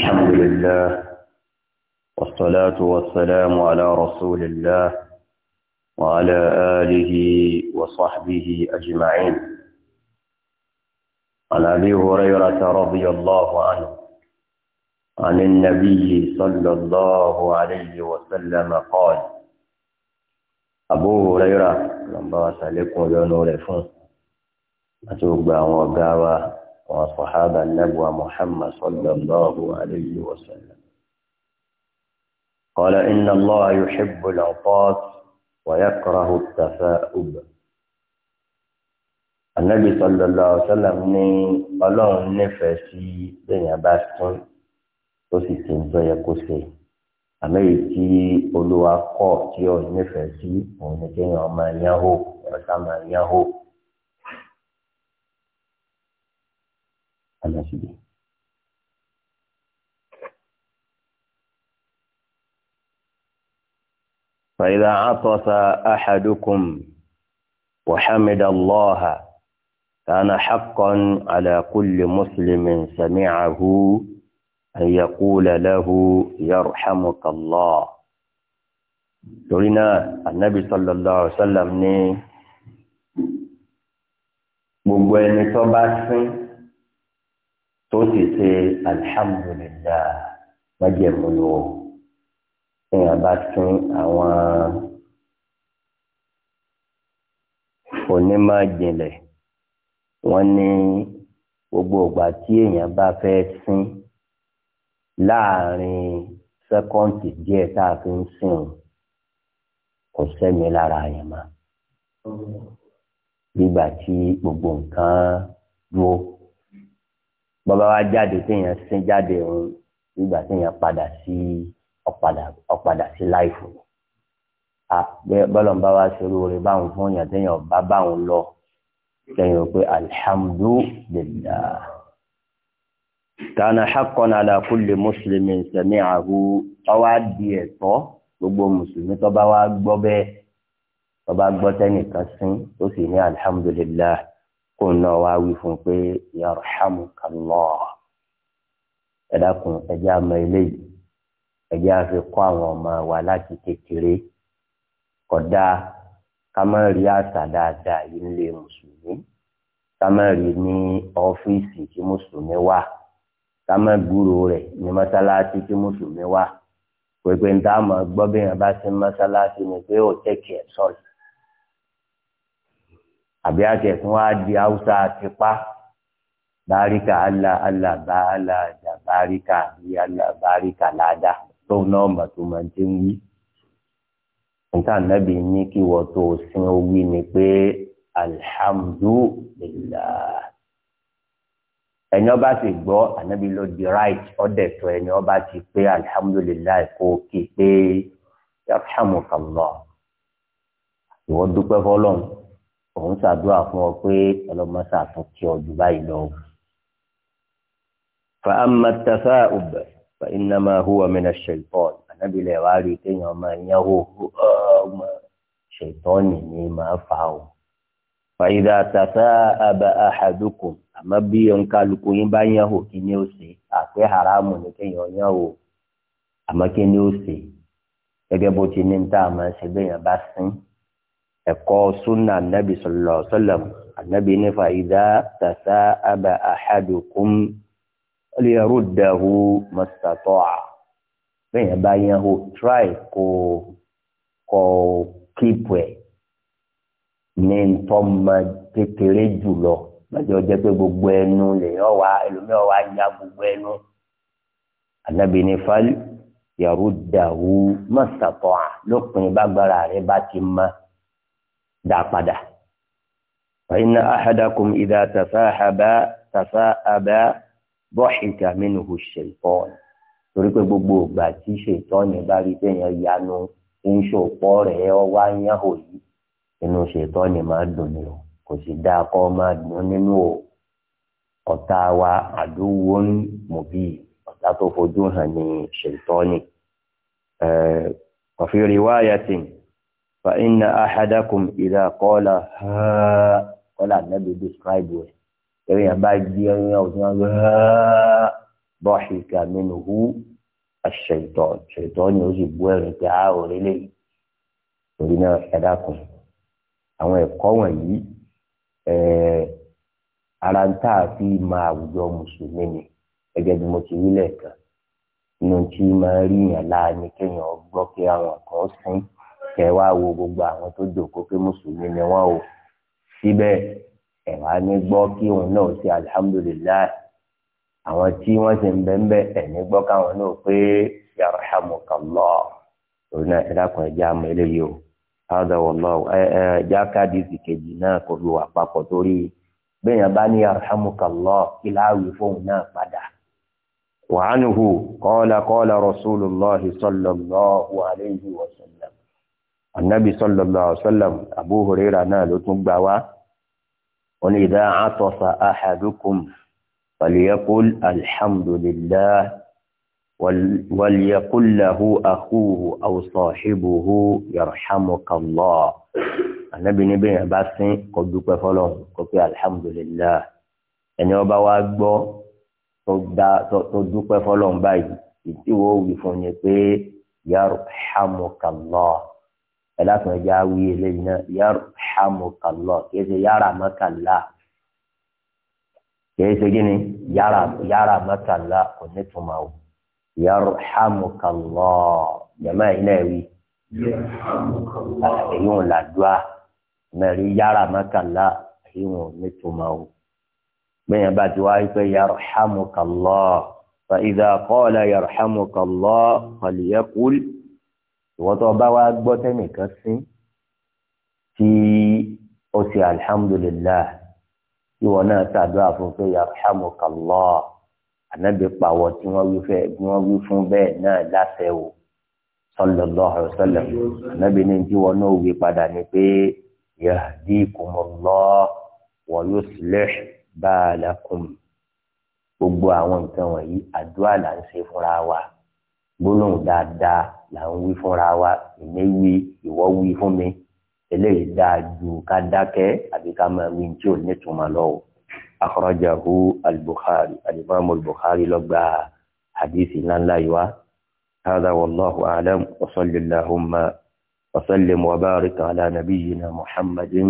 الحمد لله والصلاة والسلام على رسول الله وعلى آله وصحبه أجمعين عن أبي هريرة رضي الله عنه عن النبي صلى الله عليه وسلم قال أبو هريرة لما سألكم لنورفون أتوقع وقعوا وصحابة النبوة محمد صلى الله عليه وسلم قال إن الله يحب العطاة ويكره التفاؤل النبي صلى الله عليه وسلم ní ọlọ́run nífẹ̀ẹ́ sí bẹ́ẹ̀yàn bá tún tó sì ti ń tọ́ yẹ kó ṣe àmọ́ èyí tí olúwa kọ̀ tí ó nífẹ̀ẹ́ sí òun ni kéèyàn máa yánwó ọ̀sán máa yánwó. الهاشمية فإذا عطس أحدكم وحمد الله كان حقا على كل مسلم سمعه أن يقول له يرحمك الله ترينا النبي صلى الله عليه وسلم ني gbogbo ني توباسين tó sì ṣe alhamdulillah májẹ̀múlò èèyàn bá tún àwọn onímọ̀ ìjìnlẹ̀ wọ́n ní gbogbo ìgbà tí èèyàn bá fẹ́ sín láàrin sẹ́kọ́ǹtì díẹ̀ tá a fi ń sìn kò sẹ́mi lára yẹn nígbà tí gbogbo nǹkan dúró bọ́bá wa jáde téèyàn sin jáde òun nígbà téèyàn padà sí ọ̀padà ọ̀padà sí láìfò bọ́lọ̀ ń bá wa ṣerú rẹ̀ báwọn fún yàn téèyàn bá báwọn lọ lẹ́yìn pé alhamdulillah kana haqqan ala kulli muslimin sami'ahu ọwọ́ di ẹ̀tọ́ gbogbo mùsùlùmí tó bá wa gbọ́ bẹ́ẹ̀ tó bá gbọ́ tẹ́nìkan sín ó sì ní alhamdulillah kó náà wá wí fún un pé yarhamukallah ẹ dákun ẹ jẹ́ àmọ́ eléyìí ẹ jẹ́ àfi kọ́ àwọn ọmọ wa láti kékeré kódà ká má rí àṣà dáadáa yìí nílé mùsùlùmí ká má rí ní ọ́fíìsì tí mùsùlùmí wà ká rẹ̀ ní mọ́sálásí tí mùsùlùmí wà pépé ń tá a mọ̀ gbọ́ bí yẹn bá ti mọ́sálásí ni pé ó tẹ̀kẹ̀ sọ̀rọ̀ àbí àtẹ̀tún wá di haúsá tipa báríkà ala ala bàálà àjà báríkà àbí ala báríkà láàdá tó náà mà tó máa ti ń wí. nǹkan nábì ní kí wọ́n tó sin owí ni pé alhamdulillah ẹni ọba ti gbọ́ ànábi ló di right ọdẹ tó ẹni ọba ti pé alhamdulillah kó kí pé yarhamukallah ìwọ dúpẹ́ fọ́lọ́run òun ṣàdúrà fún ọ pé ọlọmọṣà tún kí ọ jù báyìí lọ. fàámà tàfà ọbẹ fà ìnàmà hùwà mẹ́nà ṣèlpọ́n ànábìlẹ̀ wàá rí kéèyàn máa yán wò ọmọ ṣètọ́nì ni màá fà ó. fàyídà tàfà àbà àhàdùkùn àmọ́ bí òǹkàlùkù yín bá yán wò kí ni ó ṣe àpé haramu ni kéèyàn yán wò àmọ́ kí ni ó ṣe gẹ́gẹ́ bó ti ní ní tá a máa ṣe bẹ́ẹ̀ bá sín ẹ̀kọ́ súnà nàbì sallallahu alaihi wasallam ànàbì nífa idha tasa'aba ahadukum liyaruddahu mastata'a bẹ́ẹ̀ bá yẹn o try kó kó kíp ẹ̀ ní ntọ́mọ kékeré jùlọ lọ́jọ́ jẹ́ pé gbogbo ẹnu lèyàn wá ẹlòmíràn wá ya gbogbo ẹnu ànàbì nífa yàrá dàwù mastata'a lópin bá rẹ bá ti máa dá padà. fàyínà ahadakum ìdá tàfáàbá tàfáàbá bọ́ọ̀ṣìkà mẹ́nu kò ṣètọ́n torí pé gbogbo ìgbà tí ṣètọ́n ní bá rí téèyàn yanu ń ṣòpọ̀ rẹ̀ ọ wá yán hò yìí inú ṣètọ́n ní máa dùn ní o kò sì dáa kọ́ máa dùn nínú o ọ̀tá wa àdúgbò ń mọ̀bí ọ̀tá tó fojú hàn ní ṣètọ́n ní. kọ̀fí rí wáyà tì فإن أحدكم إذا قال ها قال النبي describe it ẹ̀yìn bá gbé ẹ̀yìn ọ̀sán haa ضحك منه الشيطان ṣètọ́ ni ó sì bú ẹ̀rín pé a ò rí léyìí torí náà ẹ dákun àwọn ẹ̀kọ́ wọ̀nyí ara ń tà fi máa àwùjọ mùsùlùmí ni gẹ́gẹ́ bí mo ti wí lẹ́ẹ̀kan inú tí máa rí yàn láàánú kéèyàn gbọ́ pé àwọn kan sìn kẹ wá wo gbogbo àwọn tó jòkó pé mùsùlùmí ni wọn o síbẹ̀ ẹ̀ wá ní gbọ́ kí òun náà ṣe alihamudulilayi àwọn tí wọ́n ṣe ń bẹ́ ń bẹ́ ẹ̀ ní gbọ́ káwọn náà pé yarhamukallah òun náà ẹ̀dá kan ẹja àmọ́ eléyìí o hádà wallahu ẹ ẹ jákàdí ìsìkejì náà kò fi wà papọ̀ torí bẹ́ẹ̀yàn bá ní yarhamukallah kí láàwì fóun náà padà. wàhánuhu qala qala rasulullahi sallallahu alayhi wa anabi sallallahu alaihi wasallam abu huraira náà ló tún gbà wá wọn ni idha atasa ahadukum falyaqul alhamdulillah walyaqul lahu akhuhu aw sahibuhu yarhamukallah anabi níbẹ̀ yẹn bá sín kó dúpẹ́ fọlọ́hún kó pé alhamdulillah ẹni ọba wa gbọ́ tó dúpẹ́ fọlọ́hún báyìí ìdíwọ́ wí fún ni pé yarhamukallah ẹlẹ́kùn ẹja wí eléyìí náà yarhamukallah kìí ṣe yàrá mọ́kànlá kìí ṣe gíní yàrá yàrá mọ́kànlá kò ní túmọ̀ o yarhamukallah jẹ̀mọ́ yìí náà wí ah, èyí wọn là dùá mẹ́rin yàrá mọ́kànlá èyí wọn ní túmọ̀ o gbẹ̀yìn bá ti wáyé pé yarhamukallah fa idha qala yarhamukallah falyaqul ìwọ́tọ̀ bá wa gbọ́ tẹ́nìkan sí tí ó ṣe alhamdulillah tí wọn náà ṣàdúrà fún pé yarhamukallah ànábì pàwọ́ tí wọ́n wí fẹ́ tí wọ́n wí fún bẹ́ẹ̀ náà láṣẹ o sallallahu alaihi wasallam ànábì ní tí wọn náà wí padà ni pé yahdikumullah wa yuslih balakum gbogbo àwọn nǹkan wọ̀nyí àdúrà là ń ṣe fúnra wa gbólóhùn dáadáa là ń wí fúnra wa èmi wí ìwọ wí fún mi eléyìí dáa ju ká dákẹ́ àbí ká máa wí tí ò nítumọ̀ lọ o akhrajahu al-bukhari al-imam hadithi ńláńlá yìí wá hada wallahu a'lam wa salli allahumma wa sallim wa barik ala nabiyyina muhammadin